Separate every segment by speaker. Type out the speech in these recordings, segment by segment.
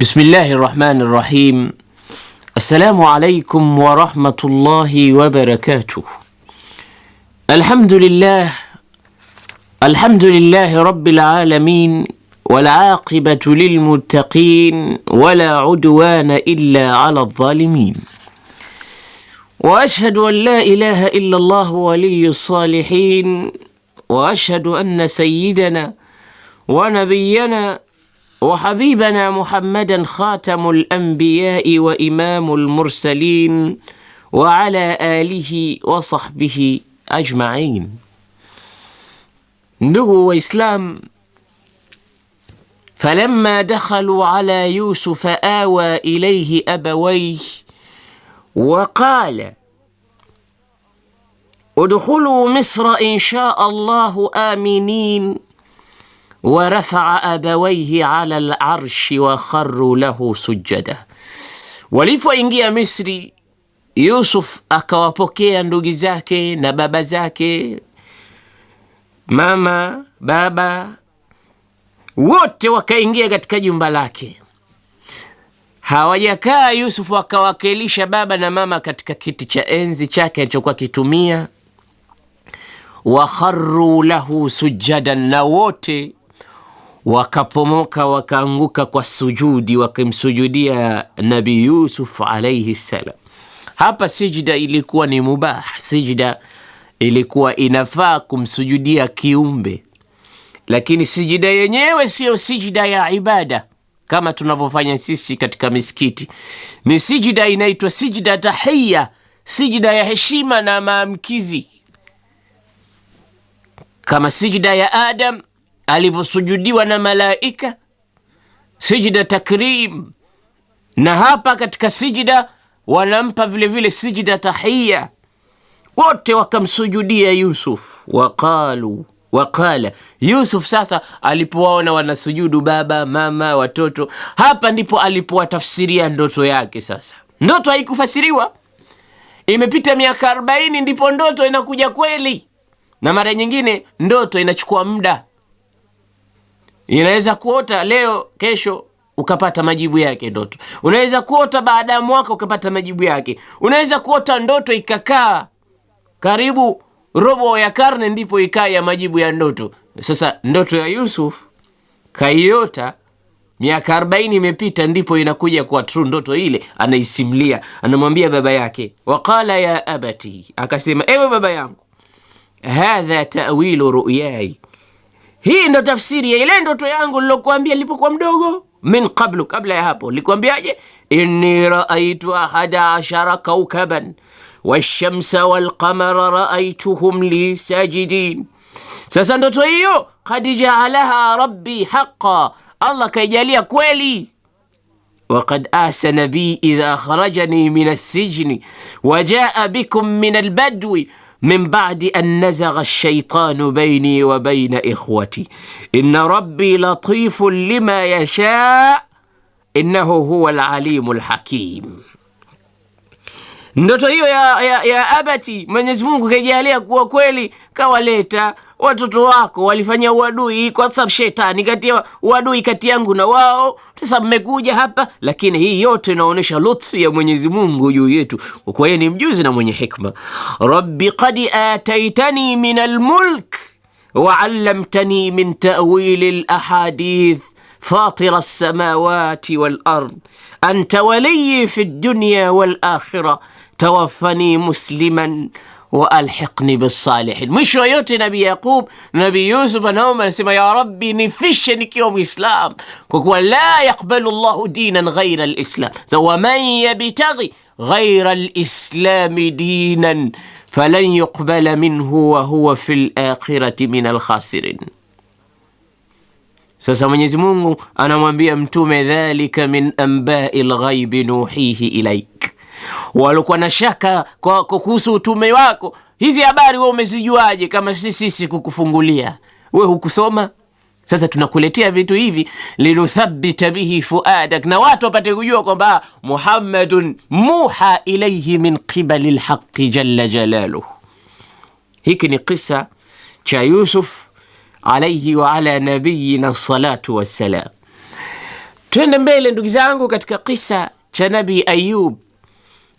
Speaker 1: بسم الله الرحمن الرحيم السلام عليكم ورحمة الله وبركاته الحمد لله الحمد لله رب العالمين والعاقبة للمتقين ولا عدوان إلا على الظالمين وأشهد أن لا إله إلا الله ولي الصالحين وأشهد أن سيدنا ونبينا وحبيبنا محمدا خاتم الانبياء وامام المرسلين وعلى اله وصحبه اجمعين نجو واسلام فلما دخلوا على يوسف آوى إليه أبويه وقال ادخلوا مصر إن شاء الله آمنين warafaa abawaihi ala larshi wakharu lahu sujada. Walipoingia Misri, Yusuf akawapokea ndugu zake na baba zake, mama baba wote wakaingia katika jumba lake. Hawajakaa, Yusuf akawakilisha baba na mama katika kiti cha enzi chake alichokuwa kitumia, wakharu lahu sujadan, na wote wakapomoka wakaanguka kwa sujudi, wakimsujudia Nabi Yusuf alaihi salam. Hapa sijida ilikuwa ni mubah, sijida ilikuwa inafaa kumsujudia kiumbe, lakini sijida yenyewe siyo sijida ya ibada kama tunavyofanya sisi katika misikiti. Ni sijida inaitwa sijida tahiya, sijida ya heshima na maamkizi, kama sijida ya Adam alivyosujudiwa na malaika, sijida takrim, na hapa katika sijida wanampa vile vile sijida tahiya. Wote wakamsujudia Yusuf, waqalu waqala Yusuf. Sasa alipowaona wanasujudu baba, mama, watoto, hapa ndipo alipowatafsiria ndoto yake. Sasa ndoto haikufasiriwa, imepita miaka arobaini ndipo ndoto inakuja kweli, na mara nyingine ndoto inachukua muda. Inaweza kuota leo, kesho ukapata majibu yake ndoto. Unaweza kuota baada ya mwaka ukapata majibu yake. Unaweza kuota ndoto ikakaa karibu robo ya karne, ndipo ikaa ya majibu ya ndoto. Sasa ndoto ya Yusuf kaiota miaka arobaini imepita ndipo inakuja kwa true ndoto ile, Anaisimulia, anamwambia baba yake, waqala ya abati, akasema ewe baba yangu, hadha tawilu ruyai hii ndo tafsiri ya ile ndoto yangu lilokuambia nilipokuwa mdogo. Min qablu, kabla ya hapo likuambiaje Inni raaitu ahada ashara kaukaban washamsa walqamara raaituhum li sajidin. Sasa ndoto hiyo kad jaalaha rabbi haqa, Allah kaijalia kweli wakad ahsana bi idha akhrajani min alsijni wajaa bikum min albadwi من بعد ان نزغ الشيطان بيني وبين اخوتي ان ربي لطيف لما يشاء انه هو العليم الحكيم ndoto hiyo ya, ya, ya abati mwenyezi mungu kuwa kweli kawaleta watoto wako walifanya uadui, kwa sababu shetani katia uadui kati yangu na wao. Sasa mmekuja hapa, lakini hii yote inaonyesha lutfu ya Mwenyezi Mungu juu yetu, kwa kuwa ni mjuzi na mwenye hikma. Rabbi qad ataitani min almulk wa min ta'wili lahadith fatira lsamawati walard anta waliyi fi dunya walakhira tawaffani musliman والحقني بالصالحين مش ويوتي نبي يعقوب نبي يوسف نوما سما يا ربي نفشني يوم اسلام كوكو لا يقبل الله دينا غير الاسلام سو من يبتغي غير الاسلام دينا فلن يقبل منه وهو في الاخره من الخاسرين سسا من يزمونه انا من بيمتوم ذلك من انباء الغيب نوحيه اليك walokuwa na shaka kwa kuhusu utume wako. Hizi habari wewe umezijuaje kama si sisi kukufungulia? We hukusoma? Sasa tunakuletea vitu hivi linuthabita bihi fuadak, na watu wapate kujua kwamba Muhammadun muha ilaihi min qibali lhaqi jala jalaluhu Hiki ni kisa cha Yusuf alaihi wa nabiyina salatu wassalam. Twende mbele ndugu zangu, katika kisa cha Nabi Ayub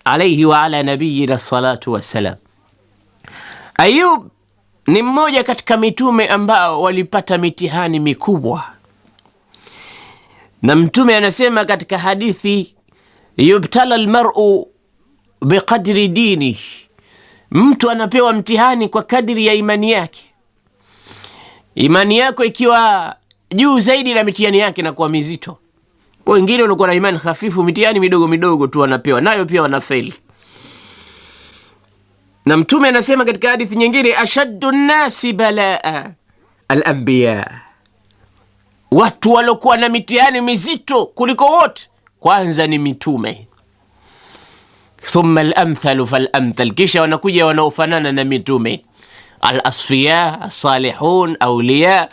Speaker 1: alaihi wa ala nabiyina salatu wassalam. Ayub ni mmoja katika mitume ambao walipata mitihani mikubwa, na mtume anasema katika hadithi, yubtala almar'u biqadri dini, mtu anapewa mtihani kwa kadri ya imani yake. Imani yako ikiwa juu zaidi na mitihani yake na kuwa mizito wengine walikuwa na imani hafifu, mitihani midogo midogo tu wanapewa nayo, pia wanafeli. Na Mtume anasema katika hadithi nyingine, ashaddu nnasi balaa alambiya, watu waliokuwa na mitihani mizito kuliko wote kwanza ni mitume, thumma lamthalu falamthal, kisha wanakuja wanaofanana na mitume, alasfiya asalihun auliya,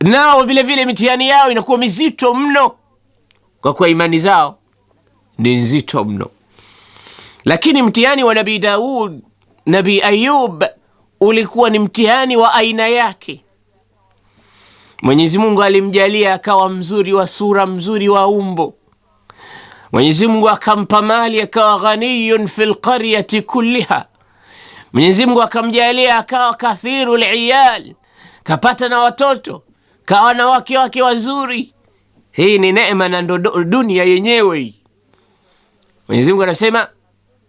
Speaker 1: nao vilevile mitihani yao inakuwa mizito mno kwa kuwa imani zao ni nzito mno. Lakini mtihani wa Nabii Daud, Nabii Ayub ulikuwa ni mtihani wa aina yake. Mwenyezi Mungu alimjalia akawa mzuri wa sura, mzuri wa umbo. Mwenyezi Mungu akampa mali akawa ghaniyun fi lqaryati kulliha. Mwenyezi Mungu akamjalia akawa kathiru liyal, kapata na watoto, kawa na wake wake wazuri hii ni neema na ndo dunia yenyewe. Mwenyezi Mungu anasema,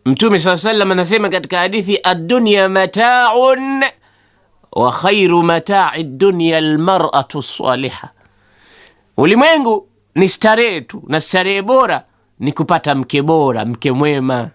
Speaker 1: Mtume saa sallam anasema katika hadithi, ad-dunya mata'un wa khairu mata'i dunya al-mar'atu ulimwengu ni starehe tu na starehe bora ni kupata mke bora, mke mwema,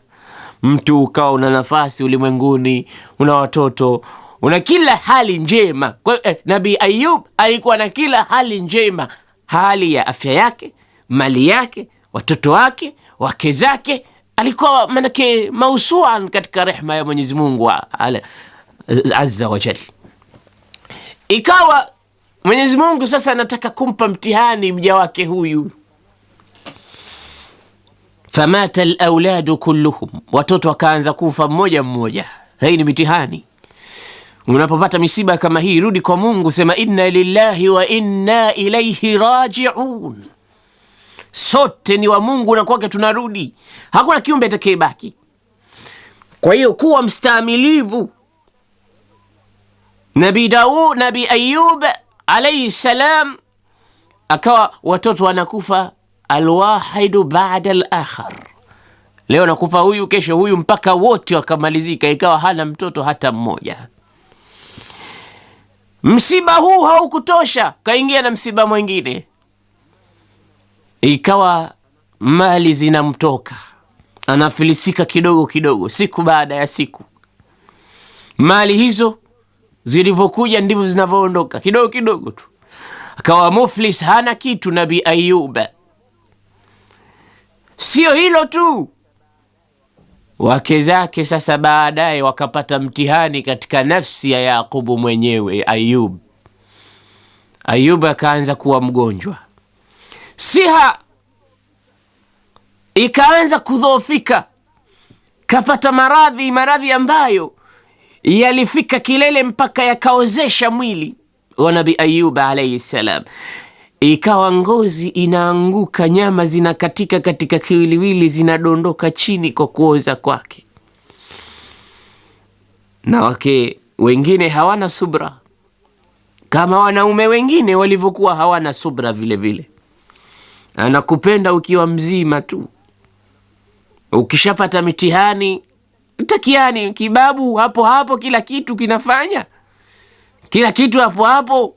Speaker 1: mtu ukawa una nafasi ulimwenguni, una watoto, una kila hali njema. Kwa hiyo eh, Nabii Ayub alikuwa na kila hali njema hali ya afya yake, mali yake, watoto wake, wake zake. Alikuwa manake mausuan katika rehma ya Mwenyezi Mungu azza wa Ikawa Mwenyezi Mungu sasa anataka kumpa mtihani mja wake huyu. Famata alauladu kulluhum, watoto wakaanza kufa mmoja mmoja. Hii ni mitihani Unapopata misiba kama hii, rudi kwa Mungu, sema inna lillahi wa inna ilaihi rajiun. Sote ni wa Mungu na kwake tunarudi, hakuna kiumbe atakayebaki. Kwa hiyo kuwa mstaamilivu. Nabi Daud, Nabi Ayub alaihi salam, akawa watoto wanakufa alwahidu baada alakhar. Leo nakufa huyu, kesho huyu, mpaka wote wakamalizika, ikawa hana mtoto hata mmoja. Msiba huu haukutosha, kaingia na msiba mwingine, ikawa mali zinamtoka, anafilisika kidogo kidogo, siku baada ya siku. Mali hizo zilivyokuja ndivyo zinavyoondoka kidogo kidogo tu, akawa muflis, hana kitu. Nabii Ayuba. Sio hilo tu, wake zake sasa baadaye wakapata mtihani katika nafsi ya Yaqubu mwenyewe Ayub. Ayub akaanza kuwa mgonjwa, siha ikaanza kudhoofika, kapata maradhi, maradhi ambayo yalifika kilele mpaka yakaozesha mwili wa Nabi Ayub alaihi ssalam ikawa ngozi inaanguka, nyama zinakatika katika kiwiliwili, zinadondoka chini kwa kuoza kwake. Na wake wengine hawana subra kama wanaume wengine walivyokuwa hawana subra vile vile. Anakupenda ukiwa mzima tu, ukishapata mitihani takiani kibabu hapo hapo, kila kitu kinafanya kila kitu hapo hapo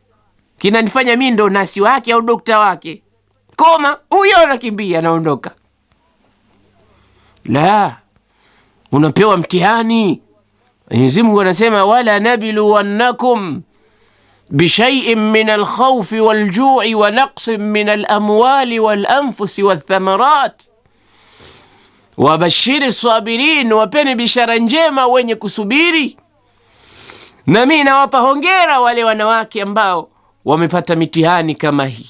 Speaker 1: kinanifanya mi ndo nasi wake au dokta wake. Koma huyo anakimbia anaondoka. La, unapewa mtihani. Mwenyezi Mungu anasema wala nabluwannakum bishaiin min alkhaufi waljui wa naqsin min alamwali walanfusi walthamarat wabashiri sabirin, wapeni bishara njema wenye kusubiri. Na mi nawapa hongera wale wanawake ambao wamepata mitihani kama hii.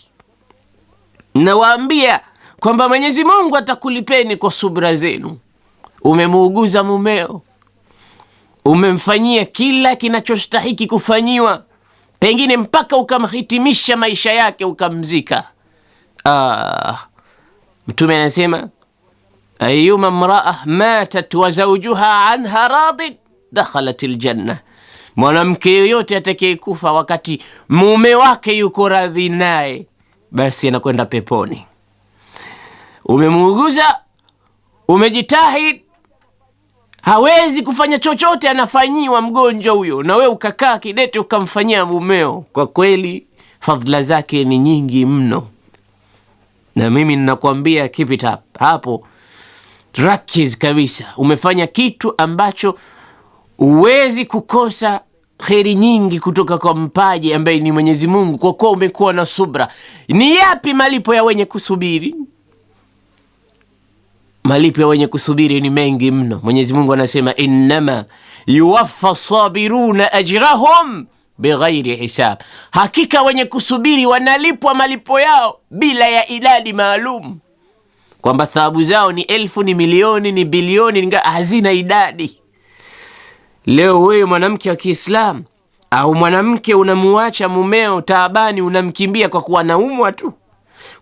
Speaker 1: Nawaambia kwamba Mwenyezi Mungu atakulipeni kwa subra zenu. Umemuuguza mumeo, umemfanyia kila kinachostahiki kufanyiwa, pengine mpaka ukamhitimisha maisha yake ukamzika. Ah, Mtume anasema ayuma mraa matat wa anha radin dakhalat ljanna Mwanamke yoyote atakayekufa wakati mume wake yuko radhi naye, basi anakwenda peponi. Umemuuguza, umejitahidi, hawezi kufanya chochote, anafanyiwa mgonjwa huyo, na we ukakaa kidete ukamfanyia mumeo. Kwa kweli fadhila zake ni nyingi mno, na mimi ninakwambia keep it up. Hapo rakiz kabisa, umefanya kitu ambacho huwezi kukosa kheri nyingi kutoka kwa mpaji ambaye ni Mwenyezi Mungu, kwa kuwa umekuwa na subra. Ni yapi malipo ya wenye kusubiri? Malipo ya wenye kusubiri ni mengi mno. Mwenyezi Mungu anasema innama yuwaffa sabiruna ajrahum bighairi hisab, hakika wenye kusubiri wanalipwa malipo yao bila ya idadi maalum, kwamba thawabu zao ni elfu, ni milioni, ni bilioni, hazina idadi. Leo wewe mwanamke wa Kiislamu au mwanamke unamuacha mumeo taabani, unamkimbia kwa kuwa naumwa tu,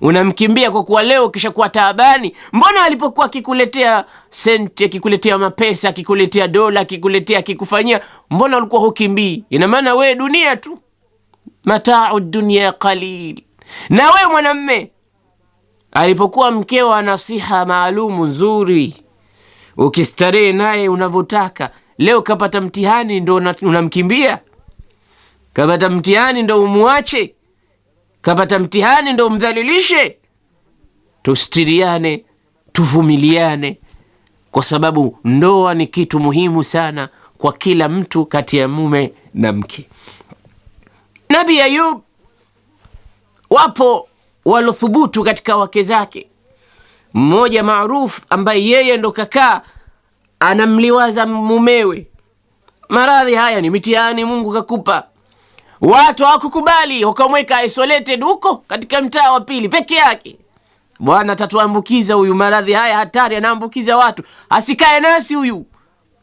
Speaker 1: unamkimbia kwa kuwa leo kisha kuwa taabani. Mbona alipokuwa akikuletea senti, akikuletea mapesa, akikuletea dola, akikuletea, akikufanyia, mbona ulikuwa hukimbii? Ina maana wewe dunia tu, mataa dunia qalil. Na wewe mwanamme, alipokuwa mkeo anasiha maalumu nzuri, ukistarehe naye unavyotaka Leo kapata mtihani ndo unamkimbia? Kapata mtihani ndo umuache? Kapata mtihani ndo umdhalilishe? Tustiriane, tuvumiliane, kwa sababu ndoa ni kitu muhimu sana kwa kila mtu kati ya mume na mke. Nabi Ayub, wapo walothubutu katika wake zake, mmoja maruf ambaye yeye ndo kakaa anamliwaza mumewe. Maradhi haya ni mitihani Mungu kakupa. Watu hawakukubali wakamweka isolated huko katika mtaa wa pili peke yake. Bwana atatuambukiza huyu maradhi haya hatari, anaambukiza watu, asikae nasi huyu.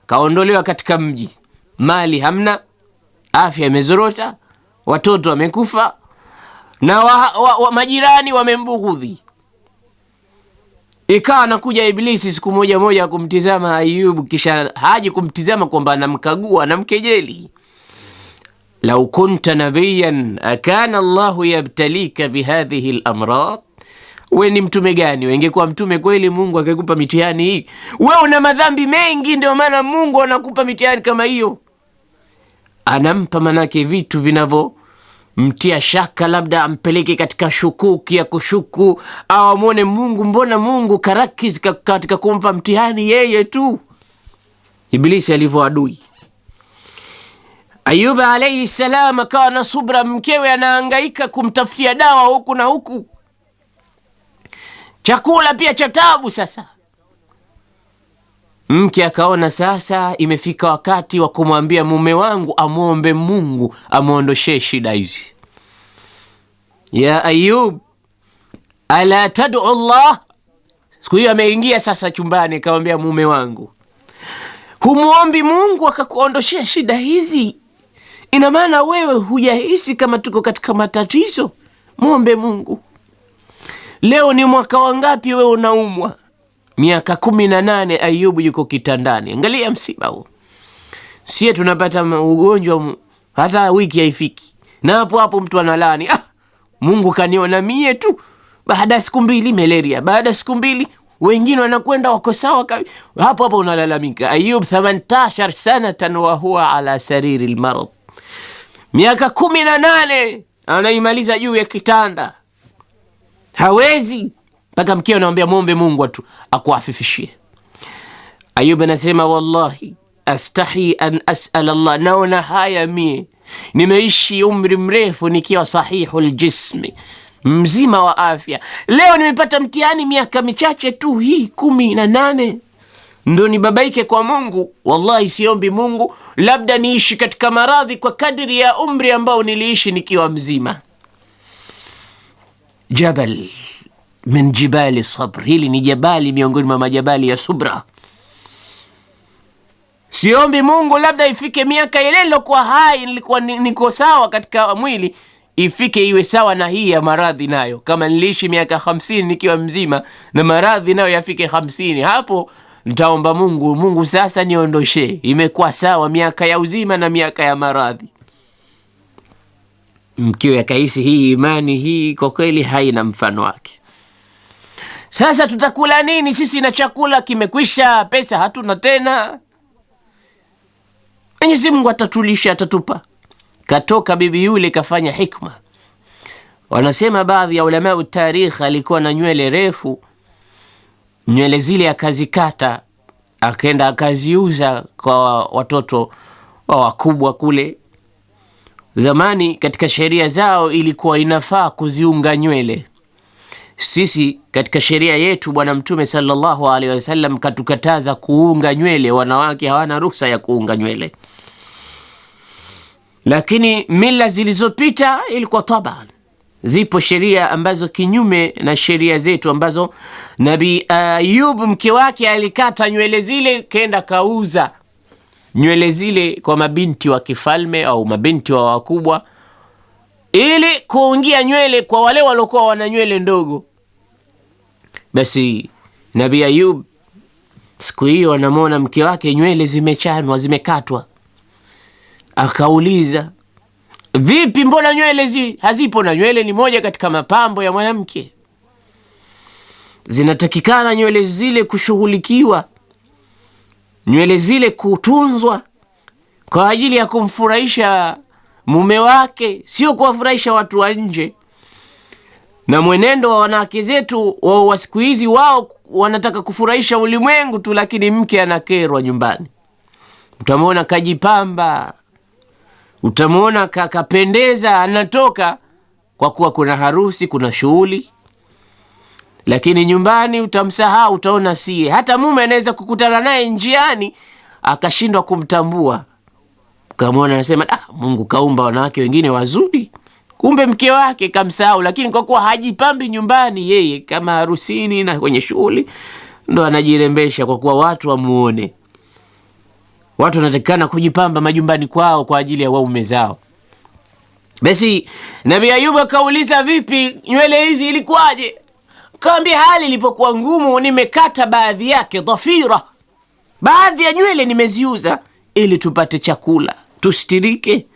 Speaker 1: Kaondolewa katika mji, mali hamna, afya imezorota, watoto wamekufa na wa, wa, wa, majirani wamembughudhi. Ikawa anakuja Iblisi siku moja moja kumtizama Ayubu, kisha haji kumtizama kwamba anamkagua anamkejeli. Lau kunta nabiyan akana Allahu yabtalika bihadhihi lamrad, we ni mtume gani? Wengekuwa mtume kweli, Mungu akikupa mitihani hii? We una madhambi mengi, ndio maana Mungu anakupa mitihani kama hiyo. Anampa manake vitu vinavyo mtia shaka, labda ampeleke katika shukuki ya kushuku, au amwone Mungu. Mbona Mungu karakis katika kumpa mtihani yeye tu? Ibilisi alivyo adui. Ayuba alaihi salam akawa na subra, mkewe anaangaika kumtafutia dawa huku na huku, chakula pia cha tabu. Sasa Mke akaona sasa imefika wakati wa kumwambia mume wangu amwombe Mungu amwondoshee shida hizi. Ya Ayub ala tad'u Allah. Siku hiyo ameingia sasa chumbani, akamwambia mume wangu, humwombi Mungu akakuondoshea shida hizi? Ina maana wewe hujahisi kama tuko katika matatizo? Mwombe Mungu. Leo ni mwaka wangapi wewe unaumwa? miaka kumi na nane Ayubu yuko kitandani. Angalia msiba huo. Sie tunapata ugonjwa hata wiki haifiki, na hapo hapo mtu analani ah, Mungu kaniona mie tu. Baada ya siku mbili malaria, baada ya siku mbili wengine wanakwenda wako sawa kabisa, hapo hapo unalalamika. Ayub 18 sanatan wa huwa ala sariri lmarad, miaka kumi na nane anaimaliza juu ya kitanda, hawezi mpaka mkeo anamwambia muombe Mungu tu akuafifishie. Ayub anasema wallahi astahi an asal Allah, naona haya mie, nimeishi umri mrefu nikiwa sahihu ljismi, mzima wa afya. Leo nimepata mtihani miaka michache tu hii kumi na nane ndo nibabaike kwa Mungu. Wallahi siombi Mungu, labda niishi katika maradhi kwa kadri ya umri ambao niliishi nikiwa mzima. Jabal min jibali sabr, hili ni jabali miongoni mwa majabali ya subra. Siombi Mungu labda ifike miaka ile nilokuwa hai nilikuwa niko sawa katika mwili ifike iwe sawa na hii ya maradhi nayo. Kama niliishi miaka hamsini nikiwa mzima na maradhi nayo yafike hamsini, hapo nitaomba Mungu, Mungu sasa niondoshe, imekuwa sawa miaka ya uzima na miaka ya maradhi. Mkiwa yakahisi hii imani hii kwa kweli haina mfano wake. Sasa tutakula nini sisi na chakula kimekwisha, pesa hatuna tena. Mwenyezi Mungu atatulisha, atatupa. Katoka bibi yule kafanya hikma. Wanasema baadhi ya ulamau tarikh, alikuwa na nywele refu, nywele zile akazikata, akaenda akaziuza kwa watoto wa wakubwa kule. Zamani katika sheria zao ilikuwa inafaa kuziunga nywele sisi katika sheria yetu Bwana Mtume salallahu alehi wasallam katukataza kuunga nywele. Wanawake hawana ruhusa ya kuunga nywele, lakini mila zilizopita ilikuwa taban, zipo sheria ambazo kinyume na sheria zetu ambazo nabi Ayub mke wake alikata nywele zile, kenda kauza nywele zile kwa mabinti wa kifalme au mabinti wa wakubwa, ili kuungia nywele kwa wale waliokuwa wana nywele ndogo basi nabi Ayub siku hiyo anamwona mke wake nywele zimechanwa, zimekatwa, akauliza vipi, mbona nywele zi hazipo? Na nywele ni moja katika mapambo ya mwanamke, zinatakikana nywele zile kushughulikiwa, nywele zile kutunzwa kwa ajili ya kumfurahisha mume wake, sio kuwafurahisha watu wa nje na mwenendo wa wanawake zetu wa siku hizi, wao wanataka kufurahisha ulimwengu tu, lakini mke anakerwa nyumbani. Utamwona kajipamba, utamwona kakapendeza, anatoka kwa kuwa kuna harusi, kuna shughuli, lakini nyumbani utamsahau, utaona sie. Hata mume anaweza kukutana naye njiani akashindwa kumtambua, kamwona, anasema, ah, Mungu kaumba wanawake wengine wazuri Kumbe mke wake kamsahau, lakini kwa kuwa hajipambi nyumbani yeye kama harusini na kwenye shughuli, ndo anajirembesha kwa kuwa watu wamuone. Watu wanatakikana kujipamba majumbani kwao kwa ajili ya waume zao. Basi Nabi Ayubu akauliza, vipi nywele hizi ilikuwaje? Kawambia, hali ilipokuwa ngumu, nimekata baadhi yake dhafira, baadhi ya nywele nimeziuza ili tupate chakula tustirike.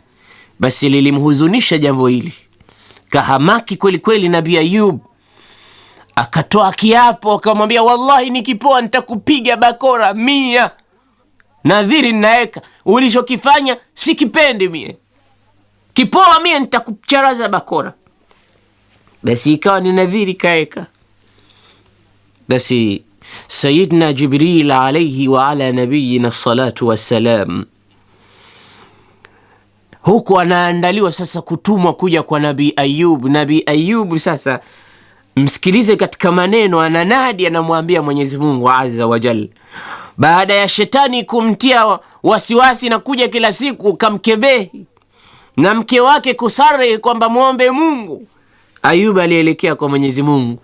Speaker 1: Basi lilimhuzunisha jambo hili, kahamaki kweli kweli. nabi Ayub akatoa kiapo akamwambia, wallahi nikipoa nitakupiga bakora mia, nadhiri nnaweka ulichokifanya sikipendi mie, kipoa mie nitakucharaza bakora. Basi ikawa ni nadhiri kaeka. Basi Sayidna Jibril alaihi waala nabiyina salatu wassalam huku anaandaliwa sasa kutumwa kuja kwa Nabii Ayub. Nabii Ayub sasa msikilize katika maneno ananadi, anamwambia Mwenyezi Mungu wajal baada ya shetani kumtia wasiwasi na kuja kila siku kamkebehi na mke wake kusare kwamba mwombe Mungu, Ayub alielekea kwa Mwenyezi Mungu.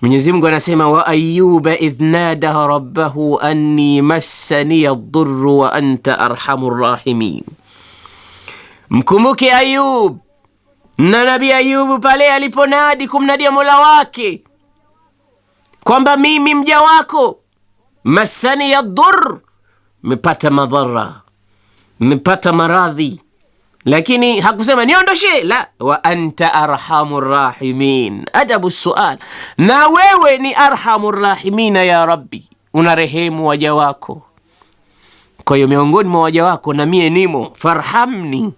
Speaker 1: Mwenyezi Mungu anasema wa ayuba idh nada rabbahu anni massani ad wa anta arhamu rrahimin Mkumbuke ayub na nabii Ayubu pale aliponadi kumnadia Mola wake kwamba mimi mja wako masani ya dhur, mepata madhara, mepata maradhi, lakini hakusema niondoshe, la wa anta arhamu rahimin. adabu sual, na wewe ni arhamu rahimina ya Rabbi, unarehemu waja wako kwa hiyo miongoni mwa waja wako na mie nimo, farhamni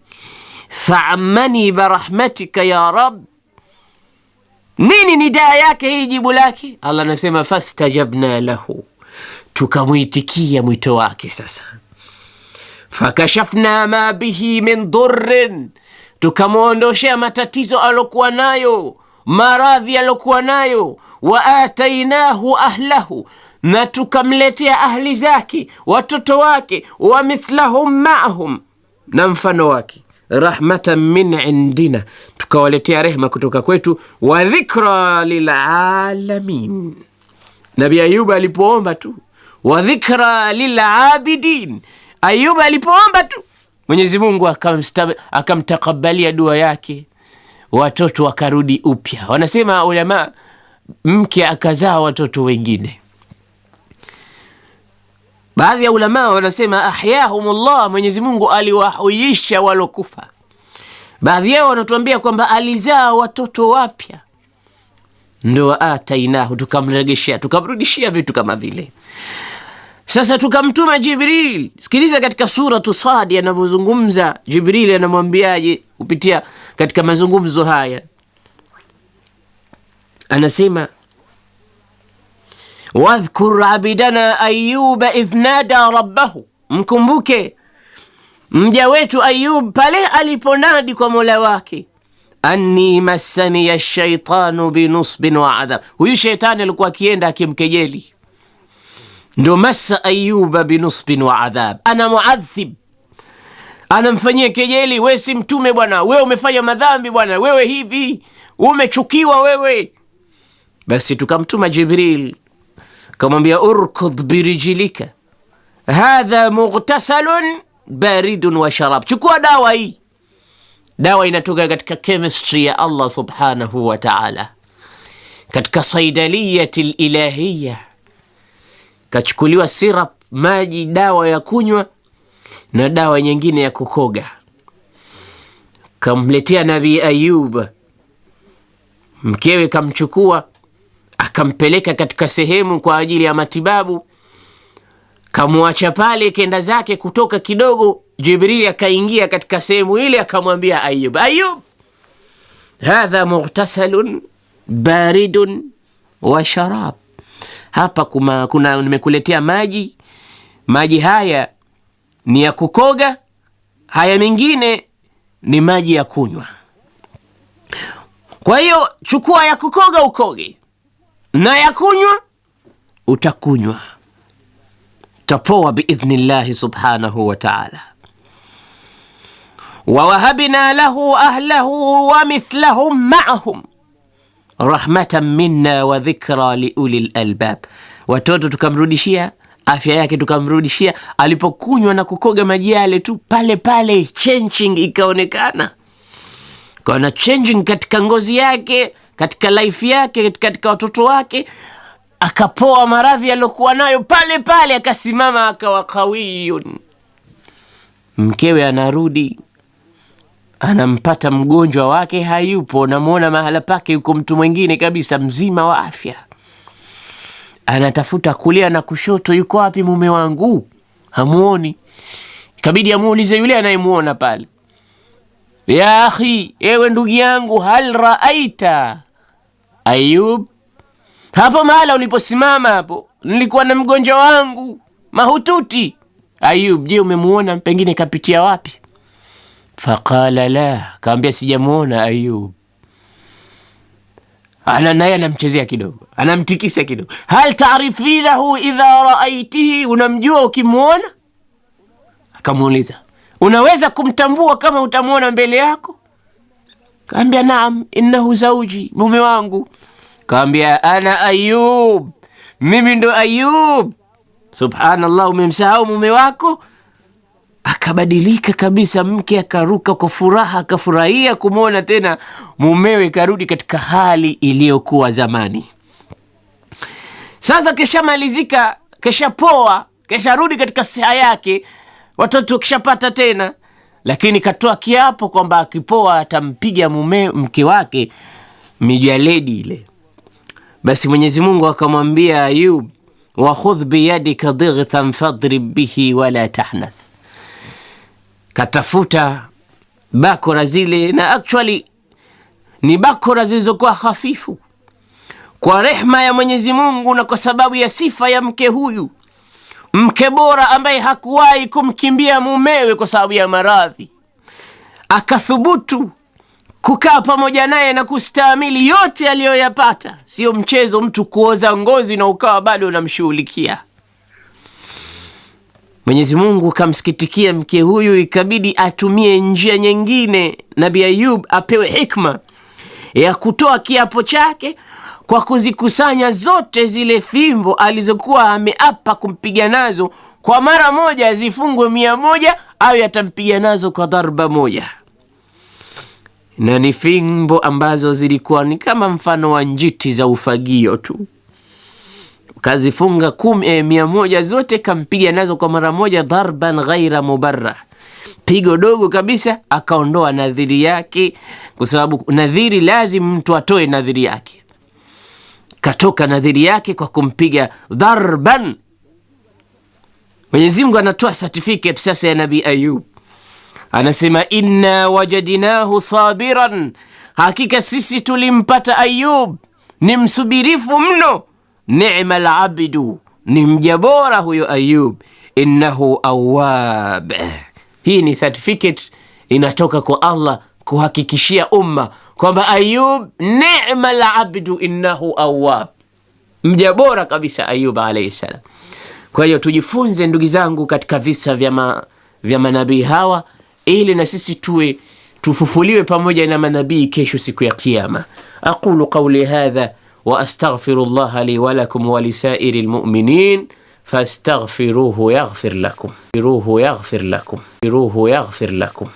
Speaker 1: faamani birahmatika ya rab. Nini ni daa yake hii, jibu lake? Allah anasema fastajabna lahu, tukamwitikia mwito wake. Sasa fakashafna ma bihi min dhurin tukamwondoshea matatizo aliokuwa nayo, maradhi aliokuwa nayo, wa atainahu ahlahu na tukamletea ahli zake watoto wake wa mithlahum maahum, na mfano wake rahmatan min indina, tukawaletea rehma kutoka kwetu. Wa dhikra lilalamin, Nabi Ayuba alipoomba tu. Wa dhikra lilabidin, Ayuba alipoomba tu Mwenyezi Mungu akamtakabalia dua yake, watoto wakarudi upya. Wanasema ulama, mke akazaa watoto wengine Baadhi ya ulama wanasema ahyahumullah, Mwenyezi Mungu aliwahuisha walokufa. Baadhi yao wanatuambia kwamba alizaa watoto wapya, ndo atainahu tukamregeshea tukamrudishia vitu kama vile. Sasa tukamtuma Jibril. Sikiliza katika Suratu Sadi anavyozungumza Jibril, anamwambiaje kupitia katika mazungumzo haya, anasema wadhkur abidana ayuba idh nada rabbahu, mkumbuke mja wetu Ayub pale aliponadi kwa mola wake, anni ya shaitanu binusbin wa adhab. Huyu sheitani alikuwa akienda akimkejeli, ndo massa ayuba binusbin wa adhab, ana muadhib anamfanyia kejeli, we si mtume bwana, wewe umefanya madhambi bwana, wewe hivi umechukiwa wewe. Basi tukamtuma Jibril kamwambia urkud birijilika hadha mughtasalun baridun wa sharab, chukua dawa hii. Dawa inatoka katika chemistry ya Allah subhanahu wa ta'ala, katika saidaliyati lilahiya kachukuliwa sirap, maji, dawa ya kunywa na dawa nyingine ya kukoga, kamletea Nabii Ayub, mkewe kamchukua akampeleka katika sehemu kwa ajili ya matibabu, kamwacha pale, kenda zake. Kutoka kidogo, Jibrili akaingia katika sehemu ile, akamwambia Ayub, Ayub, hadha mughtasalun baridun wa sharab, hapa kuma, kuna nimekuletea maji, maji haya ni ya kukoga, haya mengine ni maji ya kunywa. Kwa hiyo chukua ya kukoga ukoge na ya kunywa utakunywa, tapoa biidhnillahi subhanahu wa taala. Wawahabna lahu ahlahu wa mithlahum maahum rahmatan minna wa dhikra liuli lalbab. Watoto tukamrudishia afya yake, tukamrudishia alipokunywa na kukoga maji yale tu, pale pale chenching ikaonekana kwa na changing katika ngozi yake, katika life yake, katika watoto wake, akapoa maradhi aliyokuwa nayo pale pale, akasimama akawa kawiyun. Mkewe anarudi anampata mgonjwa wake, hayupo, namwona mahala pake, yuko mtu mwingine kabisa, mzima wa afya. Anatafuta kulia na kushoto, yuko wapi mume wangu? Hamuoni, kabidi amuulize yule anayemuona pale ya akhi, ewe ndugu yangu, hal raaita Ayub, hapo mahala uliposimama hapo nilikuwa na mgonjwa wangu mahututi Ayub. Je, umemuona? Pengine kapitia wapi? Faqala la, kaambia sijamuona Ayub. Ana naye anamchezea kidogo, anamtikisa kidogo. hal taarifinahu idha raaitihi, unamjua ukimuona? Akamuuliza unaweza kumtambua kama utamwona mbele yako? Kaambia naam, innahu zauji, mume wangu. Kaambia ana Ayub, mimi ndo Ayub. Subhanallah, umemsahau mume wako? Akabadilika kabisa, mke akaruka kwa furaha, akafurahia kumwona tena mumewe karudi katika hali iliyokuwa zamani. Sasa keshamalizika, keshapoa, kesharudi katika siha yake watoto ukishapata tena, lakini katoa kiapo kwamba akipoa atampiga mume mke wake mijaledi ile. Basi Mwenyezi Mungu akamwambia Ayub, wakhudh biyadika dightan fadrib bihi wala tahnath, katafuta bakora zile, na aktuali ni bakora zilizokuwa hafifu kwa rehma ya Mwenyezi Mungu na kwa sababu ya sifa ya mke huyu mke bora ambaye hakuwahi kumkimbia mumewe kwa sababu ya maradhi, akathubutu kukaa pamoja naye na kustahimili yote aliyoyapata. Sio mchezo mtu kuoza ngozi na ukawa bado unamshughulikia. Mwenyezi Mungu kamsikitikia mke huyu, ikabidi atumie njia nyingine. Nabii Ayub apewe hikma ya kutoa kiapo chake kwa kuzikusanya zote zile fimbo alizokuwa ameapa kumpiga nazo kwa mara moja, zifungwe mia moja au yatampiga nazo kwa dharba moja. Na ni fimbo ambazo zilikuwa ni kama mfano wa njiti za ufagio tu, kazifunga kum, eh, mia moja zote, kampiga nazo kwa mara moja, dharban ghaira mubarra pigo dogo kabisa, akaondoa nadhiri yake, kwa sababu nadhiri lazim mtu atoe nadhiri yake katoka nadhiri yake kwa kumpiga dharban. Mwenyezi anatoa satifiket sasa ya Nabii Ayub, anasema inna wajadnahu sabiran, hakika sisi tulimpata Ayub ni msubirifu mno. nima labdu ni mja bora huyo Ayub, innahu awab Hii ni satifiket inatoka kwa Allah kuhakikishia umma kwamba Ayub, nema labdu inahu innahu mja bora kabisa Ayub alaihi salam. Kwa hiyo tujifunze ndugu zangu katika visa vya ma, vya manabii hawa, ili na sisi tuwe tufufuliwe pamoja na manabii kesho, siku ya Kiyama. aqulu qawli hadha wa llah li wa lakum wa lmuminin fastaghfiruhu yaghfir lakum.